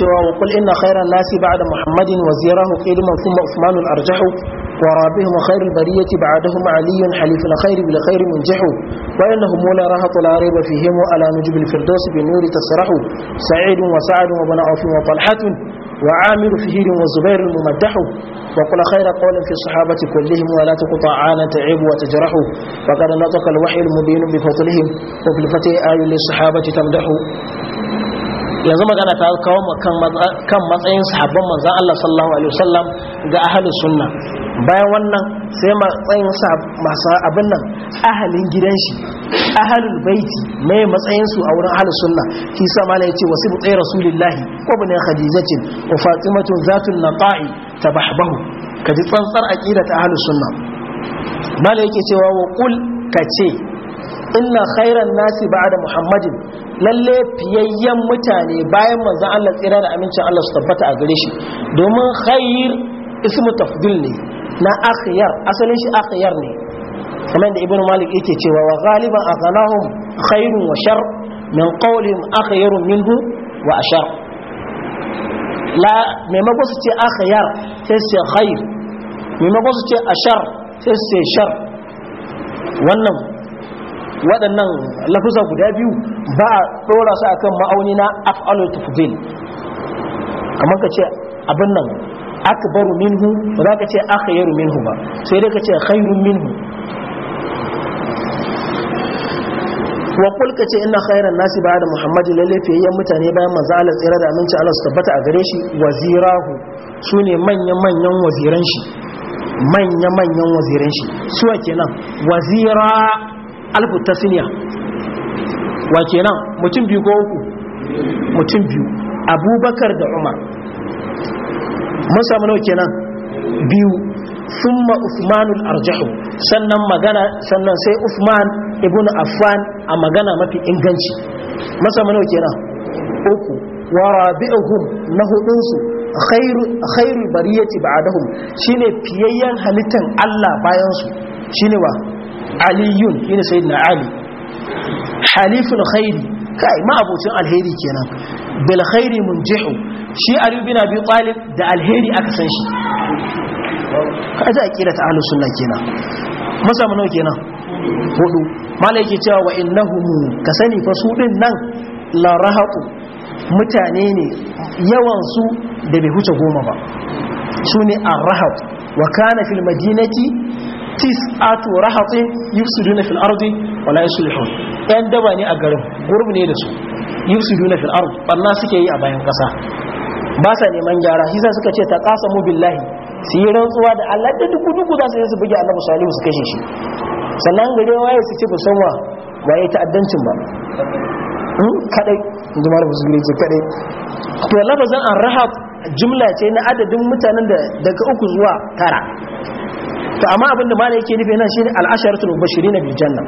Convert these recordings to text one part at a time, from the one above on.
شوا وقل إن خير الناس بعد محمد وزيره إلما ثم أثمان الأرجح ورابهم خير البرية بعدهم علي حليف الخير بالخير منجح وإنهم ولا رهط لا ريب فيهم ألا نجب الفردوس بالنور تسرح سعيد وسعد وبن عوف وطلحة وعامر فهير وزبير الممدح وقل خير قول في الصحابة كلهم ولا تقطع عانا تعيب وتجرح وقال نطق الوحي المبين بفضلهم وفي الفتي آي للصحابة تمدح yanzu magana ta kawo kan matsayin sahabban manzan Allah sallallahu alaihi wasallam ga ahalin sunna bayan wannan sai matsayin masu abin nan ahalin gidan shi ahalul baiti mai matsayin su a wurin ahalin sunna shi sa mala yace wasu butsai rasulillahi ko bin khadijatin wa fatimatu zatul naqai tabahbahu kaji tsantsar aqida ta ahalus sunna mala yake cewa wa qul kace inna khairan nasi ba'da muhammadin lalle fiyayyen mutane bayan manzon Allah tsira da amincin Allah su tabbata a gare shi domin khair ismu tafdil ne na akhyar asalin shi akhyar ne kamar da ibnu malik yake cewa wa ghaliban aghnahum khairun wa shar min qawlin akhyarun minhu wa ashar la maimako su ce akhyar sai su khair maimako su ce ashar sai su ce shar wannan waɗannan lafusa guda biyu ba a tsora su kan ma'auni na af'alul kamar ka ce abin nan akbaru minhu ba za ka ce aka akhayru minhu ba sai dai ka ce khairun minhu wa kul ka ce ina khairan nasi ba da muhammadu lalle mutane bayan mazalar Allah tsira da aminci ala su tabbata a gare shi wazirahu ne manya manyan waziran shi manya manyan waziran shi suwa kenan wazira alfu tasniya wa kenan mutum biyu ko uku mutum biyu abubakar da umar mun samu nawa kenan biyu ma uthmanul arjahu sannan magana sannan sai uthman ibn affan a magana mafi inganci mun samu nawa kenan uku wa rabi'uhum na hudun khairu bariyati ba'dahum shine fiyayyen halittan Allah bayan su shine wa aliyun yana sayyidina ali haliful khairi kai ma abocin alheri kenan bil khairi munjihu shi ali bin abi talib da alheri aka san shi a akira ta ahlus sunna kenan masa mu nawa kenan hudu mala cewa wa innahum ka sani fa su din nan la rahaqu mutane ne yawan su da bai huce goma ba su ne arhaq wa kana fil madinati tis'atu rahatin yufsiduna fil ardi wa la yuslihun yan daba ne a garin gurbi ne da su yufsiduna fil ardi barna suke yi a bayan kasa ba sa neman gyara shi sa suka ce ta qasamu billahi su yi rantsuwa da Allah da duku duku za su yi su buge Annabi Salihu su kashe shi sannan gare waye su ce ba san wa waye ta'addancin ba hmm? kadai yanzu malam musulmi ce kadai to lafazan an rahat jumla ce na adadin mutanen da daga uku zuwa tara to amma abinda ma yake nufi nan shine al-asharatul mubashirin bil janna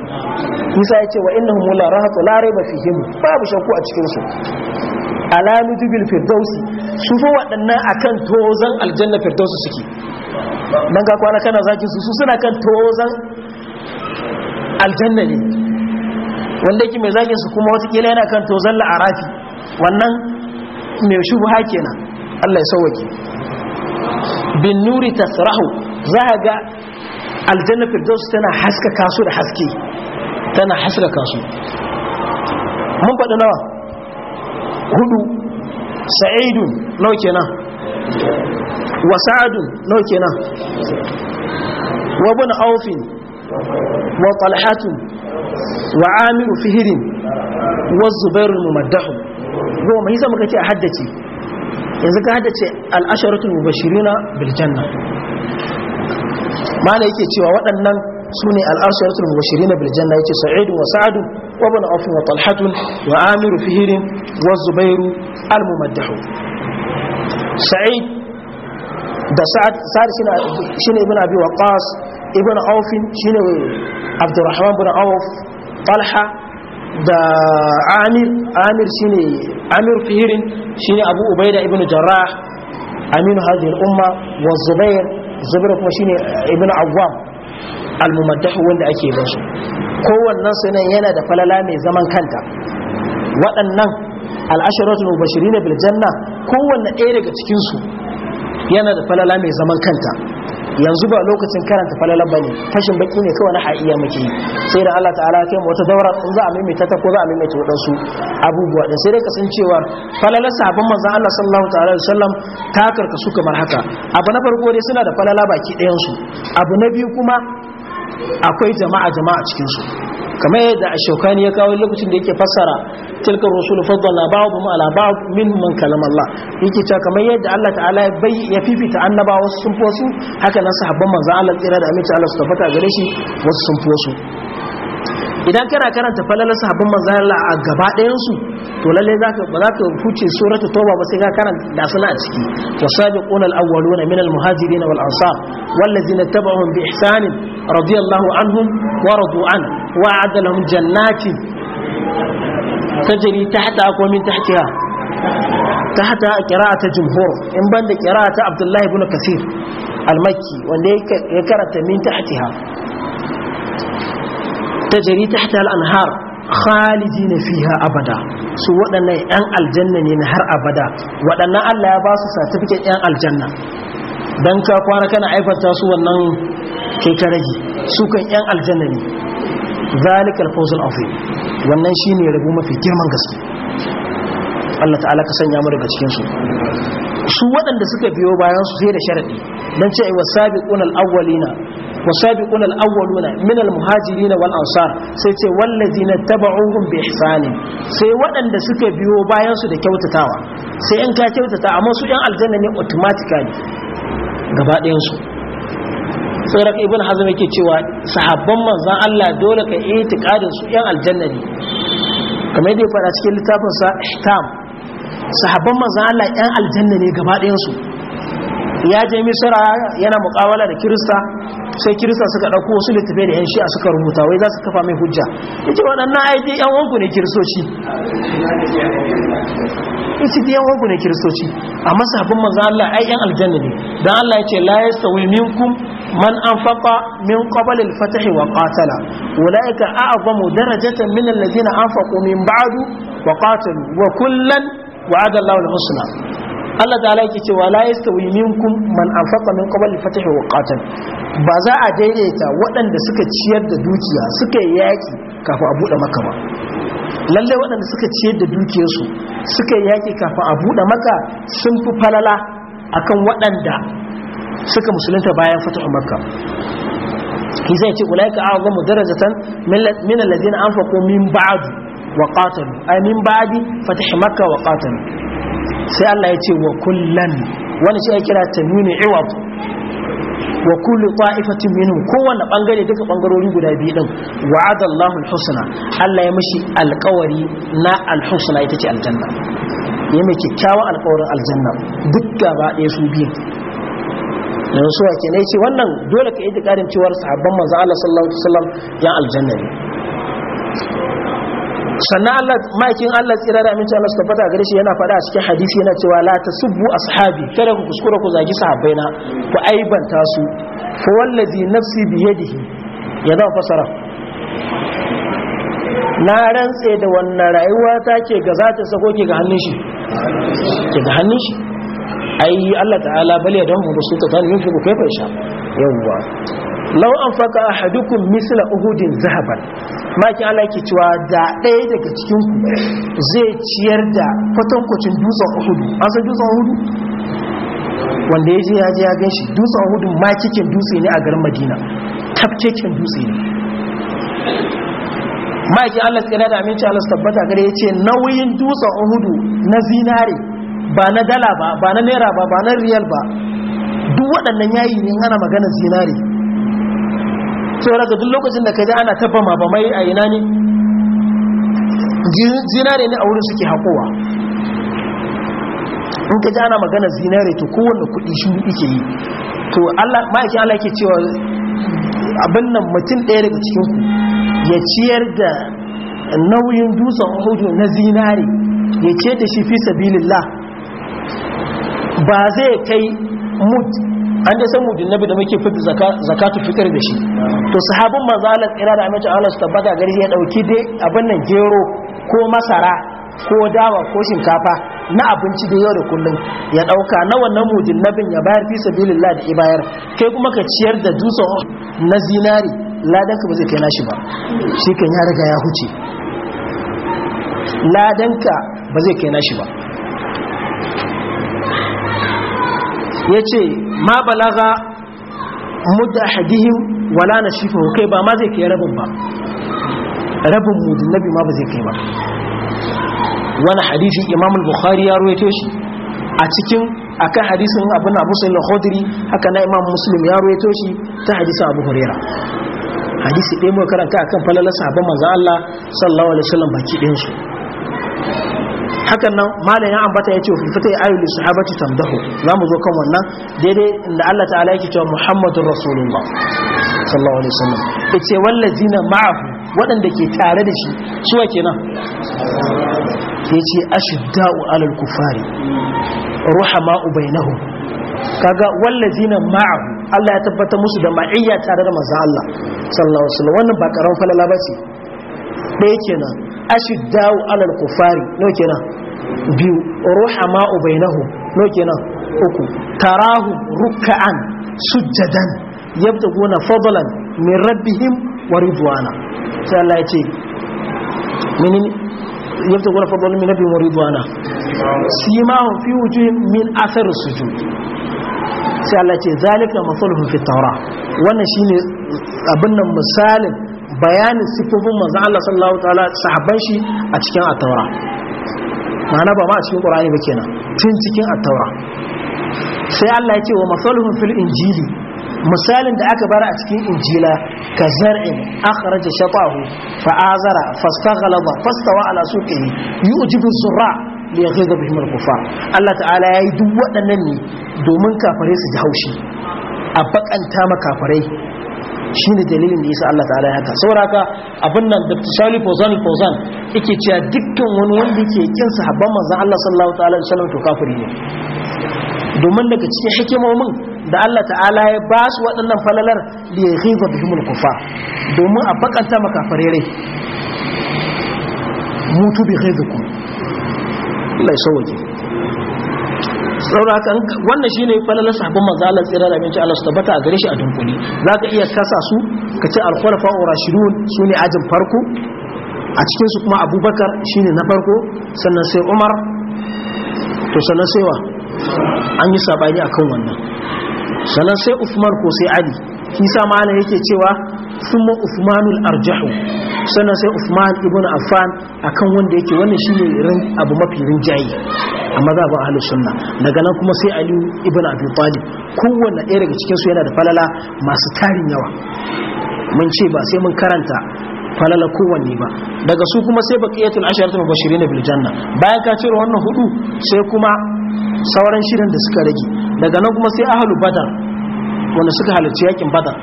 Musa ce wa innahum la rahatu la rayba fihim babu shakku a cikin su ala nujubil firdausi su fa waɗannan akan tozan aljanna firdausi suke dan ga kwana kana zaki su su suna kan tozan aljanna ne wanda yake mai zakin su kuma wata kila yana kan tozan la'arafi wannan mai shubha kenan Allah ya sauwake bin nuri tasrahu za a ga aljanna firdaus tana haskaka Kasu da haske tana haskaka Kasu. mun faɗi nawa hudu sa'idu nawa kenan wa sa'adu nawa kenan wa bin aufin wa talhatun wa amiru fihirin wa zubairun mumaddahu goma yi zama kake a haddace yanzu ka haddace al'asharatul mubashirina bil mana yake cewa waɗannan su ne al'asharatul na bil na yace Sa'idu wa Sa'adu wa ibn auf wa talhat wa amir fihr wa Zubairu al mumaddah sa'id da sa'ad sa'ad shine shine ibn abi waqas ibn auf shine abdurrahman ibn auf talha da amir amir shine amir fihr shine abu ubaida ibn jarrah aminu hadhihi al umma wa zubair zabira kuma shine ibn awwam al-mumaddah wanda ake bin shi kowannen sunan yana da falala mai zaman kanta waɗannan al'asharatu mubashirin bil janna kowanne ɗaya daga cikin su yana da falala mai zaman kanta yanzu ba lokacin karanta falala ba ne fashin baki ne kawai na ha'iya muke sai da Allah ta'ala kai wata daura in za a maimaita ta ko za a maimaita waɗansu abubuwa da sai dai ka san cewa falalar sahabban manzon Allah sallallahu ta'ala alaihi wasallam ta karkasu kamar haka abu na farko dai suna da falala baki ɗayan su abu na biyu kuma akwai jama'a jama'a cikin su kamar yadda ashokani ya kawo lokacin da yake fassara tilka rusul faddala ba'dhum ala ba'd min man kalama Allah yake cewa kamar yadda Allah ta'ala bai ya fifita annabawa sun fi wasu haka nan sahabban manzon Allah tsira da aminci Allah su tabbata gare shi wasu sun fi wasu idan kana karanta falalar sahabban manzon Allah a gaba ɗayan su to lalle zaka ba zaka huce suratu toba ba sai ka karanta da suna a ciki wasabiquna awwaluna min muhajirin wal ansar wallazina tabauhum bi ihsan radiyallahu anhum wa radu an wa a'ada lahum jannatin tajri tahta wa min tahtiha tahta qira'ata jumhur in banda ta abdullahi ibn kasir al-makki wanda ya karanta min tahtiha tajari tahta al-anhar khalidina fiha abada su waɗannan yan aljanna ne na har abada waɗannan Allah ya ba yan aljanna dan ka kwana kana aifata su wannan kai ka rage su kan yan aljanna ne zalikal fawzul azim wannan shine rabu mafi girman gaske Allah ta'ala ka sanya mu daga cikin su su waɗanda suka biyo bayan su sai da sharadi dan ce wa sabiquna awwalina wasabiquna al-awwaluna min al-muhajirin wal ansar sai ce wallazina taba'uhum bi ihsan sai waɗanda suka biyo bayansu da kyautatawa sai in ka kyautata amma su yan aljanna ne automatically gaba ɗayan su tsirar ibn hazm yake cewa sahabban manzan Allah dole ka yi itikadin su yan aljanna ne kamar ya faɗa cikin littafin sa ihtam sahabban manzan Allah yan aljanna ne gaba ɗayansu. ya je misira yana mukawala da kirista sai kirista suka ɗauko wasu littafai da 'yan shi'a suka rubuta wai za su kafa mai hujja ya ce waɗannan aiki 'yan wangu ne kiristoci isi yan wangu ne kiristoci a masafin maza Allah ai 'yan aljanna ne don Allah ya ce la ya minkum man an faƙa min ƙabalil fatahi wa ƙatala wula'ika a agwamu darajatan min allazina an faƙo min ba'adu wa ƙatalu wa kullan wa'adar al-husna Allah ta'ala yake cewa la yastawi minkum man anfaqa min qabli fatahi wa qatal ba za a daidaita waɗanda suka ciyar da dukiya suka yaki kafin a bude maka ba lalle waɗanda suka ciyar da dukiyarsu suka yaki kafin a bude maka sun fi falala akan waɗanda suka musulunta bayan fatahu makka ki zai ce ulaika a'zamu darajatan min alladhina anfaqu min ba'd wa qatalu ay min ba'di fatahi makka wa qatalu sai Allah ya ce wa kullan wani shi ya kira nuna iwab wa kullu ta'ifatin minhum kowanne bangare duka bangarori guda biyu din wa'ada Allahu al-husna Allah ya mashi alƙawari na al ita ce aljanna ya mai kyakkyawan alƙawarin aljanna duk gaba ɗaya su biyu yanzu suwa ke ce wannan dole ka yi da ƙarin cewar sahabban manzo Allah sallallahu alaihi wasallam yan aljanna sannan Allah makin Allah tsira da aminci Allah suka fata gare shi yana fada a cikin hadisi yana cewa la tasubbu ashabi kada ku kuskura ku zagi sahabbaina ku aibanta su fa wallazi nafsi bi yadihi ya zama fasara na rantse da wannan rayuwa ta ke ga za ta sako ke ga hannun shi ke ga hannun shi ai Allah ta'ala tani yadahu mabsuta ku kai fa yasha yawwa lau an faka hadukun misla uhudin zahaban makin Allah ke cewa da ɗaya daga cikin zai ciyar da kwatankwacin dutsen uhudu an san dutsen uhudu wanda ya je ya je ya gan shi dutsen uhudu cikin dutse ne a garin madina tafkeken dutse ne makin Allah tsira da aminci Allah tabbata gare ya ce nauyin dutsen uhudu na zinare ba na dala ba ba na naira ba ba na riyal ba duk waɗannan yayi ne ana magana zinare saboda duk lokacin da ka ji ana taba mai a ina ne zinare ne a wurin suke haƙowa in ka ji ana magana zinare to kowane kuɗi shi ike yi to ma'aikin Allah ke cewa abin nan mutum ɗaya daga cikin ku ya ciyar da nauyin dutsen hudu na zinare ya ce da shi fi sabilillah ba zai kai mut an dai san mujin nabi da muke fiti zakatu fitar da shi to sahabin manzo Allah da amincin Allah su tabbata gari ya dauki dai abin nan gero ko masara ko dawa ko shinkafa na abinci da yau da kullum ya dauka na wannan mujin nabin ya bayar fi sabilillah da ibayar kai kuma ka ciyar da dutsen na zinari ka ba zai kai nashi ba shi kan ya riga ya huce ladanka ba zai kai nashi ba ya ce ma balaga mudda hadihim wala na shi kai ba ma zai kai rabin ba rabin mudin nabi ma ba zai kai ba wani hadisi imam al-bukhari ya ruwaito shi a cikin akan hadisin abin abu sai al-khudri haka na imam muslim ya ruwaito shi ta hadisin abu huraira hadisi ɗaya mai karanta akan falalar sahabban manzo Allah sallallahu alaihi wasallam baki ɗayan hakan nan malam ya ambata ya ce fi fita li sahabati tamdahu za mu zo kan wannan daidai inda Allah ta'ala yake cewa muhammadur rasulullah sallallahu alaihi wasallam yace wallazina ma'ahu wadanda ke tare da shi su wa kenan yace ashidda'u alal kufari ruhama'u bainahum kaga wallazina ma'ahu Allah ya tabbata musu da ma'iyya tare da manzo Allah sallallahu alaihi wasallam wannan ba karamin falala ce ɗaya kenan ashiddau alal kufari no kenan biyu ruhama ubainahu no kenan uku tarahu ruka'an, sujjadan yabtaguna fadlan min rabbihim wa ridwana sai Allah ya ce menene yabtaguna fadlan min rabbihim wa ridwana simahum fi wujuhim min athar sujud sai Allah ya ce zalika masalhum fi tawra wannan shine abin nan misalin bayanin sifofin manzo Allah sallallahu ta'ala sahabban shi a cikin at-taura ma'ana ba ma a cikin qur'ani ba kenan tun cikin at-taura sai Allah ya ce wa masaluhum fil injili misalin da aka bar a cikin injila ka zar'in akhraja shatahu fa azara fastaghalaba fastawa ala suqihi yujibu surra li yaghiza bihim al-kufar Allah ta'ala yayi duk waɗannan ne domin kafare su ji haushi a bakanta makafarai shi ne dalilin da yasa Allah ta'ala ya haka sauraka abin nan da tsali fozan fozan yake cewa dukkan wani wanda yake kin sahabban manzon Allah sallallahu ta'ala alaihi wasallam to kafiri ne domin daga cikin hikimomin da Allah ta'ala ya ba su waɗannan falalar da ya ghiba bihimul kufa domin a bakanta makafare rai mutu bi ghibikum Allah ya sauke saurakan wannan shine falalar sabon manzo Allah tsira da minci Allah su tabbata a gare shi a dunkuli zaka iya kasa su ka ce al-khulafa ar-rashidun sune ajin farko a cikin su kuma Abubakar shine na farko sannan sai Umar to sannan sai wa an yi sabani akan wannan sannan sai Uthman ko sai Ali kisa ma yake cewa summa usmanul arjahu sannan sai usman ibn affan akan wanda yake wannan shine rin abu mafi rinjaye a mazhabin ahlus sunna daga nan kuma sai ali ibn abi talib kowanne ɗaya daga cikin su yana da falala masu tarin yawa mun ce ba sai mun karanta falala kowanne ba daga su kuma sai baqiyatul asharatu mubashirin bil janna bayan ka cire wannan hudu sai kuma sauran shirin da suka rage daga nan kuma sai ahlul badar wanda suka halarci yakin badar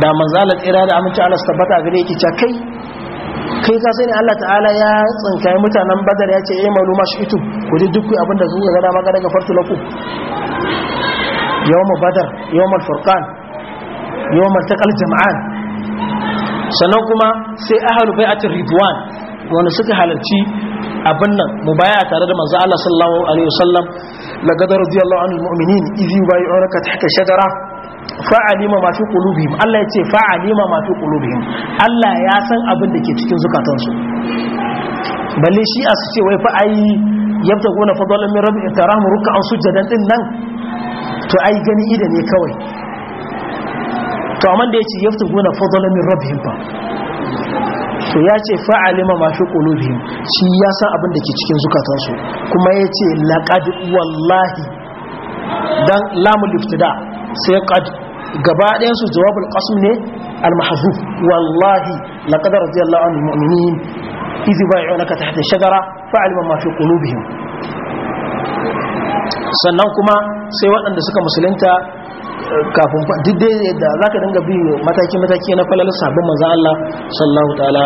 da manzalar tsira da aminci Allah tabbata gare yake cewa kai kai ka sani Allah ta'ala ya tsinkai mutanen badar ya ce eh malu mashi itu ku ji duk abin da zuwa gada maka daga fartu laku yawmal badar yawmal furqan yawmal taqal jama'an sannan kuma sai ahlul a ridwan wanda suka halarci abin nan baya tare da manzo Allah sallallahu alaihi wasallam laqad radiyallahu anil mu'minin idh yubayyi'unaka tahta shajara fa'alima ma fi qulubihim Allah ya ce fa'alima ma fi qulubihim Allah ya san abin da ke cikin zukatansu balle shi a su ce wai fa ai yabtaguna fadlan min rabbihim tarahum ruk'an sujadan din nan to ai gani ida ne kawai to amma da yace yabtaguna gona min rabbihim fa to ya ce fa'alima ma fi qulubihim shi ya san abin da ke cikin zukatansu kuma yace laqad wallahi dan lamul iftida' sai qad gaba ɗayan su jawabul qasm ne al mahzuf wallahi laqad radiyallahu anil mu'minin idh bay'unaka tahta shajara fa'alima ma fi qulubihim sannan kuma sai waɗanda suka musulunta kafin duk dai da za ka dinga bi mataki-mataki na falalar sabon manzan Allah sallahu ta'ala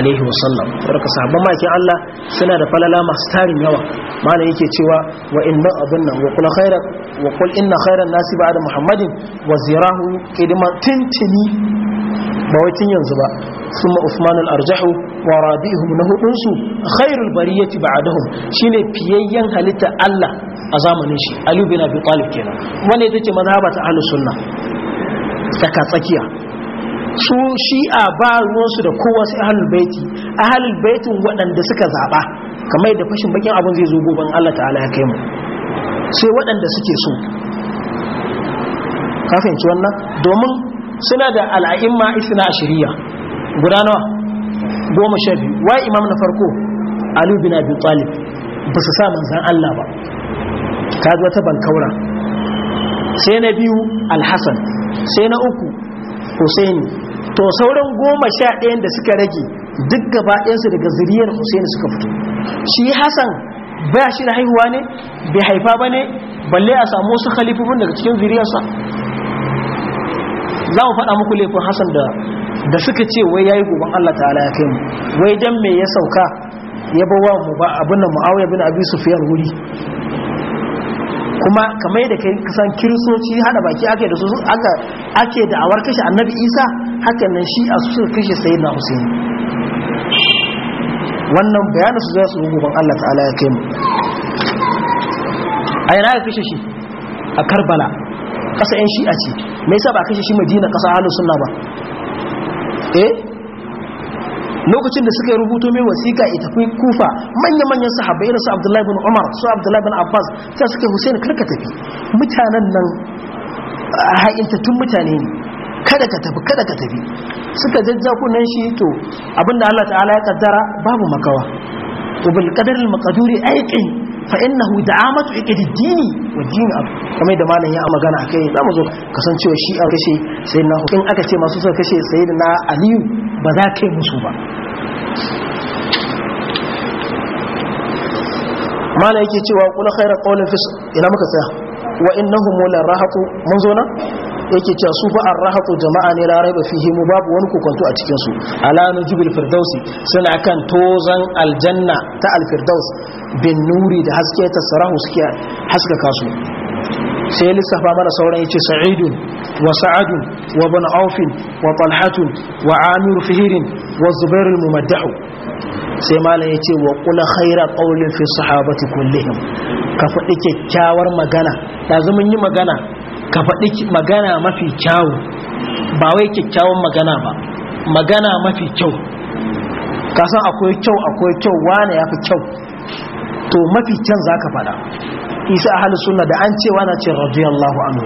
alaihi wasallam saboda sabon makin Allah suna da falala masu tarin yawa mana yake cewa wa inna abin nan wa kula khairar wa kul inna khairar nasi ba'ada muhammadin wa zirahu kidima tintini ba wai tun yanzu ba Suma usman al-arjahu wa rabihum na hudunsu khairul bariyati ba'dahum shine fiyayyen halitta Allah a zamanin shi Ali bin Abi Talib kenan wanda yake mazhaba ta ahlus sunna saka tsakiya su shi'a ba ruwansu da kowa sai ahlul baiti ahlul baitin waɗanda suka zaɓa? kamar da fashin bakin abun zai zo goban Allah ta'ala ya kai mu sai waɗanda suke so ka ci wannan domin suna da al'a'imma isna ashiriyya. guda nawa goma sha biyu Wa imam na farko alubi na biyu ba su sa manzan Allah ba ta zuwa ta bankaura sai na biyu alhassan sai na uku husaini to sauran goma sha ɗayan da suka rage duk gaba ɗayansu daga ziriyar husaini suka fito shi hassan ba shi da haihuwa ne bai haifa ba ne balle a samu wasu khalifofin daga cikin ziriyarsa. za mu faɗa muku laifin Hassan da suka ce wai yayi goban Allah ta'ala ya kai mu wai dan me ya sauka ya bawa mu ba abin nan muawiya bin abi sufyan wuri kuma kamar da kai kusan kirisoci hada baki ake da su ake da awar kashe annabi isa hakan nan shi a su kashe sayyidina husain wannan bayanin su za su goban Allah ta'ala ya kai mu a yana ya kashe shi a karbala kasa 'yan shi'a ce me yasa ba kashe shi madina kasa halin sunna ba eh lokacin da suka rubuto mai wasiƙa ita tafi kufa manya-manyan sahabbai irin su abdullahi bin umar su abdullahi bin abbas ta suka husaini karka tafi mutanen nan tun mutane ne kada ka tafi kada ka tafi suka jajja kunan shi to abinda allah ta'ala ya kaddara babu makawa to bil qadar maqduri fa ya da'amatu dini wa dini abu kamar da malam ya magana akai zamu zo kasancewa shi a kashe sai na in aka ce masu sa kashe na aliyu ba za ka yi musu ba malam yake cewa kula khairar qawlin ina ina muka tsaya wa innahum la rahatu mun zo na yake cewa su fa arrahatu jama'a ne la raiba fihi mu babu wani kokonto a cikin su ala nujibil firdausi suna kan tozan aljanna ta alfirdaus bin nuri da haske ta sarahu suke haskaka su sai lissafa mana sauran yace sa'idun wa sa'adun wa ibn wa talhatun wa amir fihirin wa zubair al-mumaddahu sai malam yace wa qul khaira qawlin fi sahabati kullihim ka faɗi kyakkyawar magana da mun yi magana ka faɗi magana mafi kyawu ba wai kyakkyawan magana ba magana mafi kyau Ka san akwai kyau akwai kyau wane ya fi kyau to mafi kyan za ka faɗa isa a halin suna da an cewa na ce radiyallahu anhu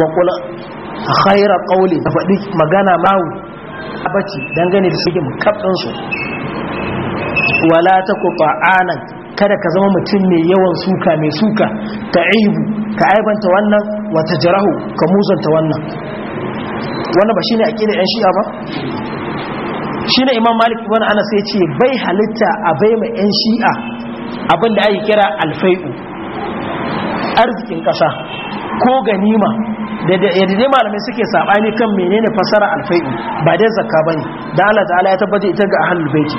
wa kula khaira ƙauli ka faɗi magana mawu abaci dangane da suke mukabɗinsu wala ta kufa anan kada ka zama mutum mai yawan suka mai suka ta aibu ka aibanta wannan wata jarahu ka muzanta wannan wannan ba shi ne a aƙidar 'yan shi'a ba shi ne imam malik ibn ana sai ce bai halitta a bai ma 'yan shi'a abin ake kira alfai'u arzikin ƙasa ko ganima da dai malamai suke saɓani kan menene fasara alfai'u ba dai zakka ba ne da allah ta'ala ya tabbata ita ga ahalul baiti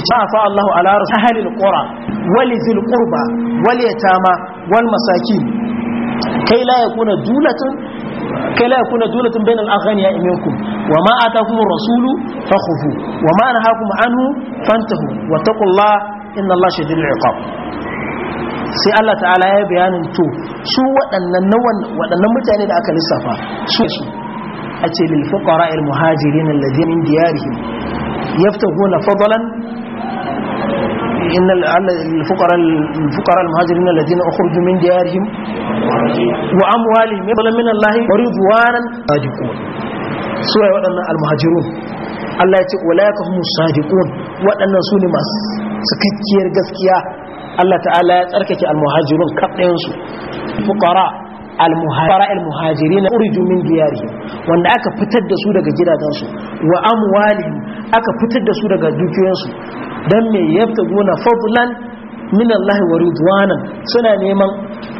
ita afa Allahu ala rasul ahlil qura walizil qurba wal yatama wal masakin kai la yakuna dulatun kai la yakuna dulatun bainal aghniya minkum wama atakumur rasulu fakhufu wama nahakum anhu fantahu wattaqullaha inna Allah sai Allah ta'ala ya bayanin to su waɗannan waɗannan mutane da aka lissafa su su a ce lil fuqara al muhajirin alladhi min diyarihim yaftahuna fadlan إن الفقراء الفقراء المهاجرين الذين أخرجوا من ديارهم وأموالهم يطلب من الله ورضوانا صادقون سوى وأنا المهاجرون الله يقول أولئك هم الصادقون وأنا سوني ما سكتير قسكيا Allah ta'ala ya tsarkake almuhajirun kaɗayensu fukara al-muhajira al-muhajirin urju min diyarihim wanda aka fitar da su daga gidajensu wa amwali aka fitar da su daga dukiyansu. dan me gona fadlan min Allah wa ridwana suna neman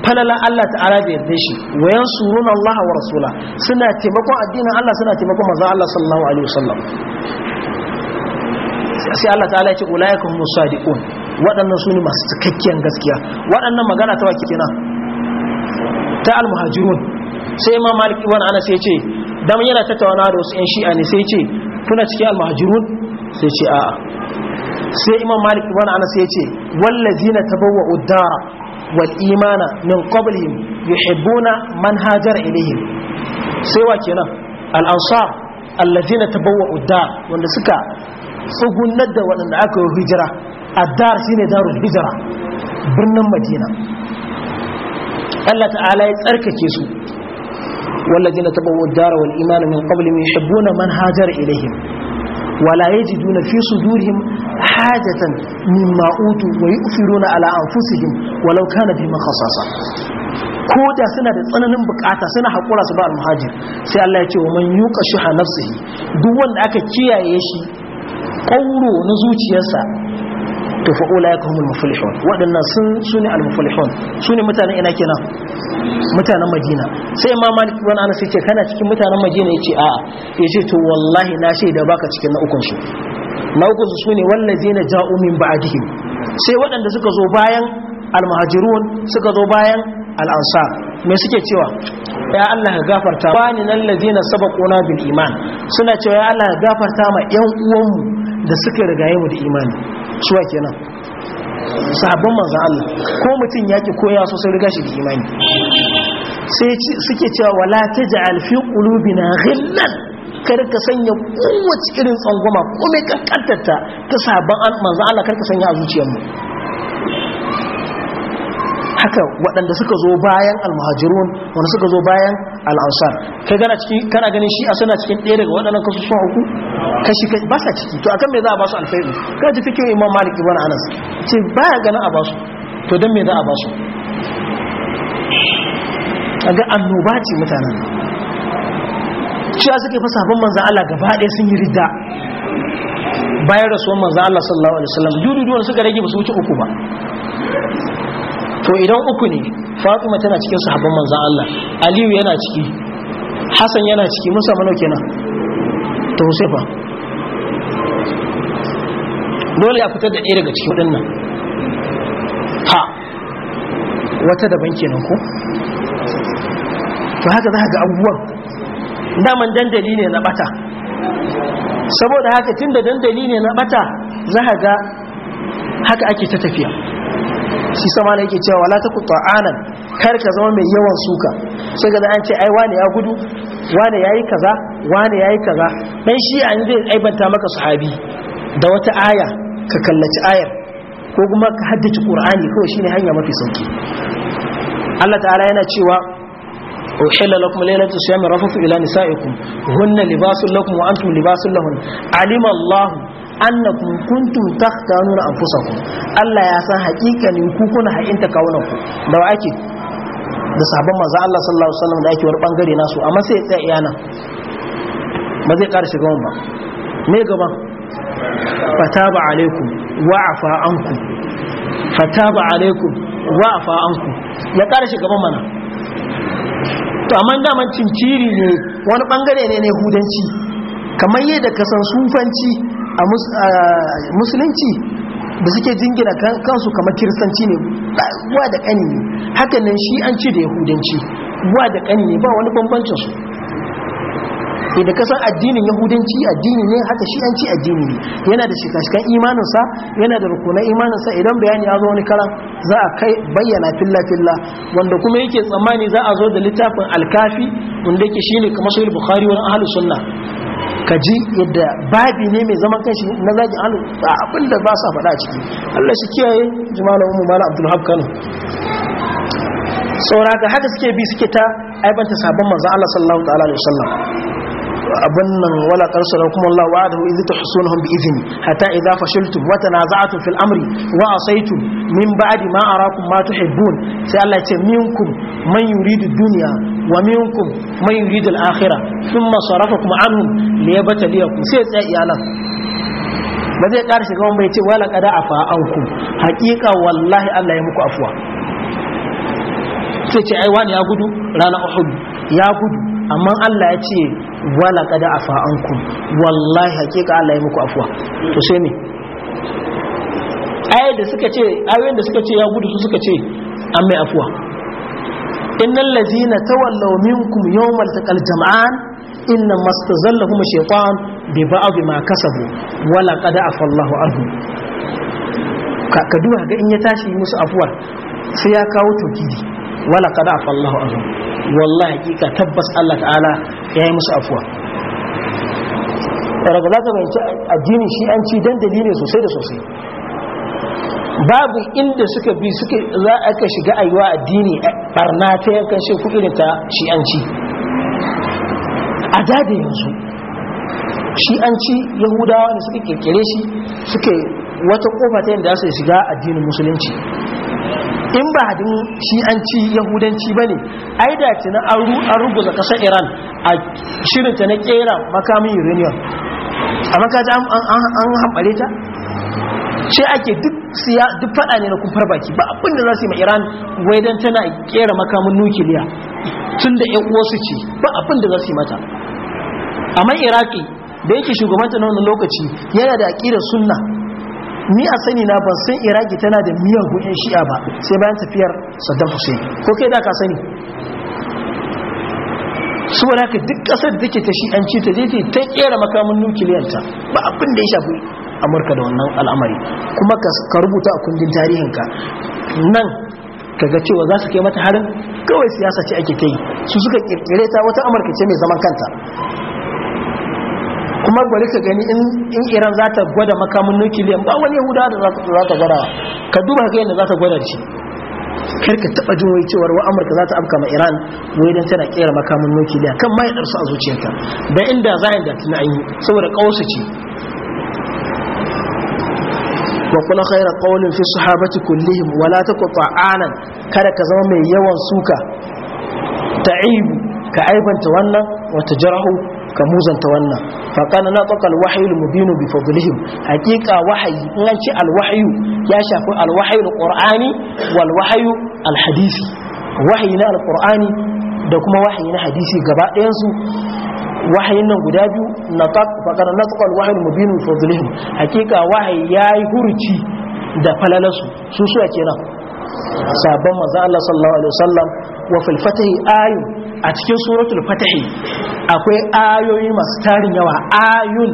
falalan Allah ta'ala da yarda shi wa yansuruna Allah wa rasula suna taimakon addinin Allah suna taimakon manzon Allah sallallahu alaihi wasallam sai Allah ta'ala ya ce ulaiikum musadiqun waɗannan su ne masu cikakken gaskiya waɗannan magana ta wa kenan ta almuhajirun sai ma malik ibn anas sai ce dan yana tattaunawa da wasu yan shi'a ne sai ya ce kuna cikin almuhajirun sai ce a'a sai imam malik ibn anas sai ce wallazina tabawwa uddara wal imana min qablihim yuhibbuna man hajara ilayhim sai wa kenan al ansar allazina tabawwa uddar wanda suka tsugunar da waɗanda aka yi hijira addar shine darul hijira birnin madina Allah ta'ala ya tsarkake su wallazina tabawwad dara wal iman min qabl min yuhibbuna man hajara ilayhim wala yajiduna fi sudurihim hajatan mimma utu wa yu'thiruna ala anfusihim walau kana bima khassasa koda suna da tsananin bukata suna hakura su ba almuhajir sai Allah ya ce wa man yuqashu nafsihi duk wanda aka kiyaye shi ƙauro na zuciyarsa to fa ulaika humul muflihun wadannan sun sune al muflihun sune mutanen ina kenan mutanen madina sai imam malik ibn anas yace kana cikin mutanen madina yace a'a yace to wallahi na shaida baka cikin na ukun su na ukun su sune wallazina ja'u min ba'dihim sai waɗanda suka zo bayan al muhajirun suka zo bayan al ansar me suke cewa ya Allah ka gafarta ni nan ladina sabaquna bil iman suna cewa ya Allah ka gafarta ma yan uwanmu da suka rigaye mu da imani suwa kenan sabon manzan Allah ko mutum ya ki koya sosai riga shi da imani sai suke cewa wala taj'al fi qulubina ghillan karka sanya kowace irin tsangwama komai kankantarta ta sabon manzan Allah karka sanya a zuciyarmu haka waɗanda suka zo bayan almuhajirun wanda suka zo bayan al'ansar kai gana cikin kana ganin shi a suna cikin ɗaya daga waɗannan kasu sun uku kashi kai ba sa ciki to akan me za a ba su alfai'u ka ji fikin imam malik ibn anas ce baya gana a ba su to dan me za a ba su kaga annoba ce mutanen Shi a suke fa sabon manzan Allah gaba ɗaya sun yi ridda da rasuwan manzan Allah sallallahu alaihi wasallam dudu duwan suka rage ba su wuce uku ba to idan uku ne fatima tana cikin sahabban manzan Allah aliyu yana ciki hassan yana ciki musa mano kenan ta husefa dole ya fitar da ɗaya daga cikin waɗannan ha wata daban kenan ku to haka za ga abubuwan daman dandali ne na bata saboda haka tun da dandali ne na bata za ga haka ake ta tafiya shi sama ne yake cewa wala taku ta'anan kar ka zama mai yawan suka sai ga an ce ai wane ya gudu wane yayi kaza wane yayi kaza dan shi an zai aibanta maka sahabi da wata aya ka kallaci ayar ko kuma ka haddace qur'ani kawai shine hanya mafi sauki Allah ta'ala yana cewa أحل لكم ليلة الصيام رفث إلى نسائكم هن لباس لكم وأنتم لباس لهن علم الله annakum kuntum takhtanuna anfusakum Allah ya san hakikanin ku kuna haƙinta kawunan ku da wa ake da sabon maza Allah sallallahu alaihi wasallam da ake war bangare nasu amma sai ya tsaya yana ba zai ƙara shiga ba me gaba fataba alaikum wa afa ankum fataba alaikum wa afa ankum ya ƙara shiga mana to amma daman cinciri ne wani bangare ne ne hudanci kamar yadda ka san sufanci a musulunci da suke jingina kansu kamar kiristanci ne wa da ƙani ne Hakanan shi an ci da yahudanci wa da kani ne ba wani bambancin da kasan addinin yahudanci addini ne haka shi'anci addini ne yana da shikashikan imaninsa yana da rukunan imaninsa idan bayani ya zo wani kara za a kai bayyana filla filla wanda kuma yake tsammani za a zo da littafin alkafi wanda yake ne kamar sahih bukhari wa ahlus sunna ka ji yadda babi ne mai zaman kanshi na zagin alu a abin da ba sa faɗa ciki Allah shi kiyaye jimalar umu mala abdul hab kano saura ga haka suke bi suke ta aibanta sabon manzo Allah sallallahu ta'ala alaihi wasallam abin nan wala karsara kuma Allah wa adahu ta tuhsunhum bi izini hatta idha fashiltum wa tanaza'tum fil amri wa asaytum min ba'di ma arakum ma tuhibbun sai Allah ya ce minkum man yuridu dunya wa minkum man yuridu al akhirah thumma sarafakum anhum liyabtaliyakum sai tsaya iyalan ba zai ƙara shiga wani bai ce wala kada a fa'auku haƙiƙa wallahi Allah ya muku afuwa sai ce ai wani ya gudu ranar uhud ya gudu amma Allah ya ce wala kada a ankum wallahi hakika Allah ya muku afuwa to sai ne ayyar da suka ce ayyar da suka ce ya gudu su suka ce an mai afuwa innal ladzina tawallaw minkum yawmal taqal jam'an inna shekwan bai ba abu ma bu wala kada a fallahu abu ka duba ga in ya tashi musu afuwa sai ya kawo tokidi wala kada a fallahu abu wallahi hakika tabbas Allah ta'ala ya yi musu afuwa daga za ta fahimci addinin shi'anci dandali ne sosai da sosai babu inda suka bi suka za a ka shiga aiwa addini barna ta yankan shi irin ta shi'anci a dada yanzu shi'anci yahudawa ne suka kirkire shi suka wata kofa ta yadda su shiga addinin musulunci in ba hadin ci yahudanci ba ne ai da ci na an ruguza kasar iran a shirinta na kera makamin uranium A makaji an hambare ta ce ake duk siya duk fada ne na kumfar baki ba abin da za su yi ma iran wai dan tana kera makamin nukiliya tun da yan uwarsu ce ba abin da za su yi mata amma iraki da yake shugabanta na wani lokaci yana da aƙirar sunna ni a sani na ban san iraki tana da miyan hudun shi'a ba sai bayan tafiyar saddam hussein ko kai da ka sani Su wani haka duk kasar da ke ta shi'anci ta je ta kera makamun nukiliyanta ba abin da ya shafi amurka da wannan al'amari kuma ka rubuta a kundin tarihinka nan ka ga cewa za su kai mata harin kawai siyasa ce ake kai su suka kirkire ta wata amurka ce mai zaman kanta amma bari ka gani in iran za ta gwada makamin nukiliya ba wani yahudawa da za ta gwada ka duba ga yadda za ta gwada shi kar ka taba jin wai cewar wa amurka za ta afka ma iran wai dan tana kera makamin nukiliya kan ma ya darsu a zuciyarta da inda za da tuna an yi saboda kausa ce wa kula khaira qawlin fi sahabati kullihim wala taqta anan kada ka zama mai yawan suka ta'ibu ka aibanta wannan wata jarahu ka muzanta wannan fa kana nataka alwahyu almubinu bi fadlihim haqiqa wahayi in an ce alwahyu ya shafi alwahyu alqur'ani walwahyu alhadisi wahayi na alqur'ani da kuma wahayi na hadisi gaba ɗayan su wahayin nan guda biyu nataq fa kana nataka alwahyu almubinu bi fadlihim haqiqa wahayi yayi hurci da falalasu su su kenan sabon manzo Allah sallallahu alaihi wasallam wa fil fatahi ayu a cikin suratul fatahi akwai ayoyi masu tarin yawa ayun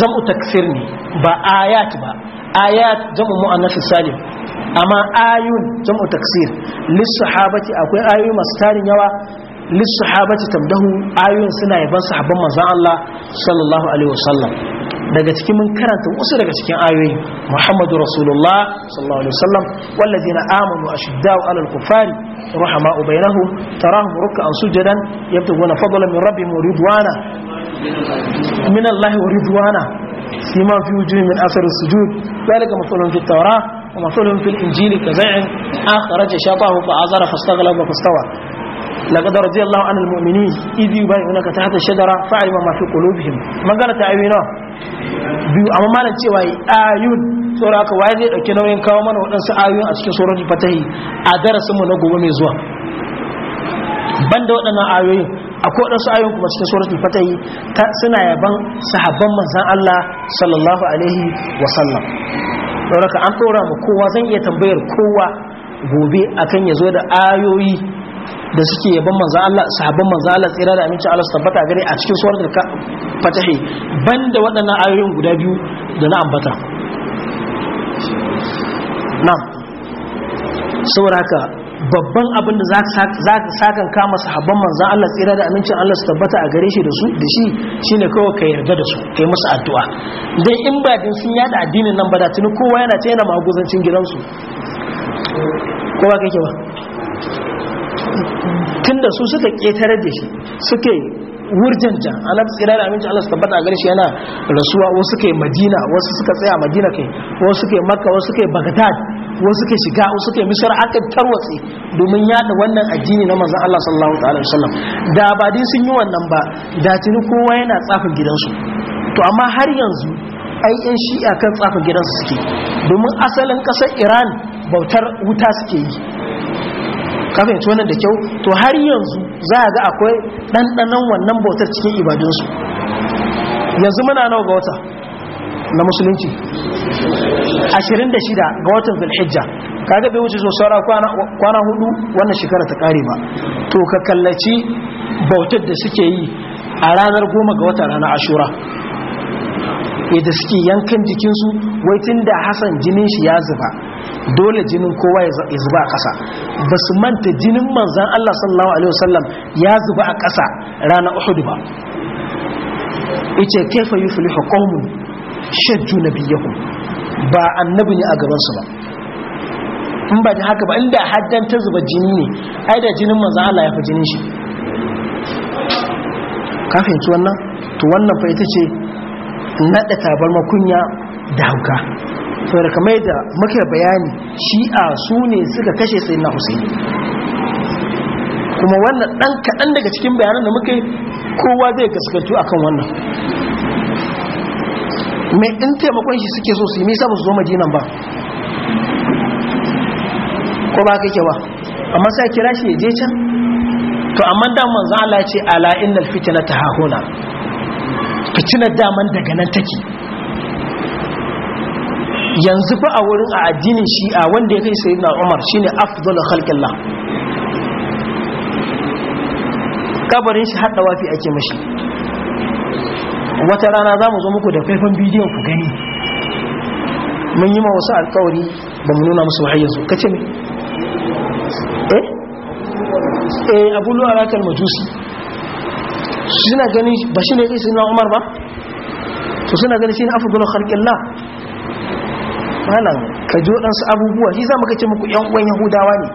jam'u taksir ne ba ayat ba ayat jam'u mu'annasu salim amma ayun jam'u taksir lissahabati akwai ayoyi masu tarin yawa lissahabati tamdahu ayun suna yaban sahabban manzon Allah sallallahu alaihi wasallam daga cikin mun karanta wasu daga cikin ayoyi muhammadu rasulullah sallallahu alaihi wasallam wallazina amanu ashiddau alal kufari rahamau bainahum tarahum ruk'an sujadan yabtaguna fadlan min rabbihim wa ridwana min allah wa ridwana فيما في وجوه من أثر السجود ذلك مثل في التوراة ومثل في الإنجيل كزيع ba شطاه فعزر فاستغلب فاستوى لقد رضي الله عن المؤمنين إذ يبايعونك تحت الشجرة فعلم ما في قلوبهم من قال تعوينه biyu amma malam cewa ayun saboda haka waye zai dauki nauyin kawo mana waɗansu ayoyin a cikin surati fatahi a darasin mu na gobe mai zuwa banda waɗannan ayoyin akwai waɗansu ayoyin kuma cikin suratul fatahi suna yaban sahabban manzon Allah sallallahu alaihi wa sallam an dora mu kowa zan iya tambayar kowa gobe akan ya zo da ayoyi da suke yaban manzo Allah sahabban manzo Allah tsira da aminci Allah tabbata gare a cikin da fatahi banda waɗannan ayoyin guda biyu da na ambata na saboda haka babban abin da za ka sakan kama sahabban manzo Allah tsira da amincin Allah su tabbata a gare shi da su da shi shine kawai ka yarda da su kai musu addu'a dan in ba din sun yada addinin nan ba da tuni kowa yana ta yana maguzancin gidansu kowa kake ba tunda su suka ƙetare da shi suke wurjanja annabi tsira aminci Allah su tabbata a gare yana rasuwa wasu suke Madina wasu suka tsaya Madina kai wasu suke Makka wasu suke Bagdad, wasu suke shiga wasu suke Misr aka tarwatse domin yada wannan addini na manzon Allah sallallahu alaihi wasallam da ba sun yi wannan ba da tuni kowa yana tsafin gidansu to amma har yanzu ai yan shi'a kan tsafin gidansu suke domin asalin kasar Iran bautar wuta suke yi ka ya tonar da kyau to har yanzu za a ga akwai ɗanɗanon wannan bautar cikin ibadunsu yanzu muna nawa ga wata na musulunci 26 ga watan zulhijja kaga bai wuce saura kwana hudu wannan shekara ta kare ba to ka kallaci bautar da suke yi a ranar goma ga wata ranar ashura yadda suke yankan jikinsu wai tun da hassan jinin shi ya zuba dole jinin kowa ya zuba a ƙasa ba su manta jinin manzan Allah sallallahu alaihi wasallam ya zuba a ƙasa rana Uhud ba yace kaifa yuflihu qaumun shajju nabiyyahum ba annabi ne a gabansu ba in ba haka ba inda haddan ta zuba jini ne ai da jinin manzan Allah ya fi jinin shi ka fahimci wannan to wannan fa ita ce naɗa tabar makunya da hauka da kamar da muka bayani shi'a su ne suka kashe sai na husaini kuma wannan ɗan kaɗan daga cikin bayanan da muke kowa zai gaskantu akan wannan mai in taimakon shi suke so su yi nisa ba su zo majinan ba ko ba kake ba amma sai kira shi ya je can to amma daman za Allah ce ala innal fitnata hahuna fitnar daman daga nan take yanzu fa a wurin a addinin shi'a wanda ya kai sayyidina umar shine afdal khalqillah kabarin shi hadda wafi ake mashi wata rana za mu zo muku da faifan bidiyon ku gani mun yi ma wasu alkawari ba mu nuna musu wahayin su kace ne eh eh abu lu'aratul majusi suna gani ba ne kai sayyidina umar ba to suna shi ne afdal khalqillah malam ka ji waɗansu abubuwa shi za mu kace muku yan uwan yahudawa ne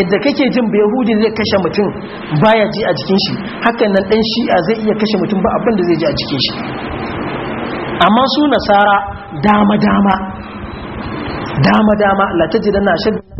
yadda kake jin ba yahudi zai kashe mutum baya ji a jikin shi hakan nan dan shi'a zai iya kashe mutum ba abin da zai ji a cikin shi amma su nasara dama dama dama dama la tajidanna shadda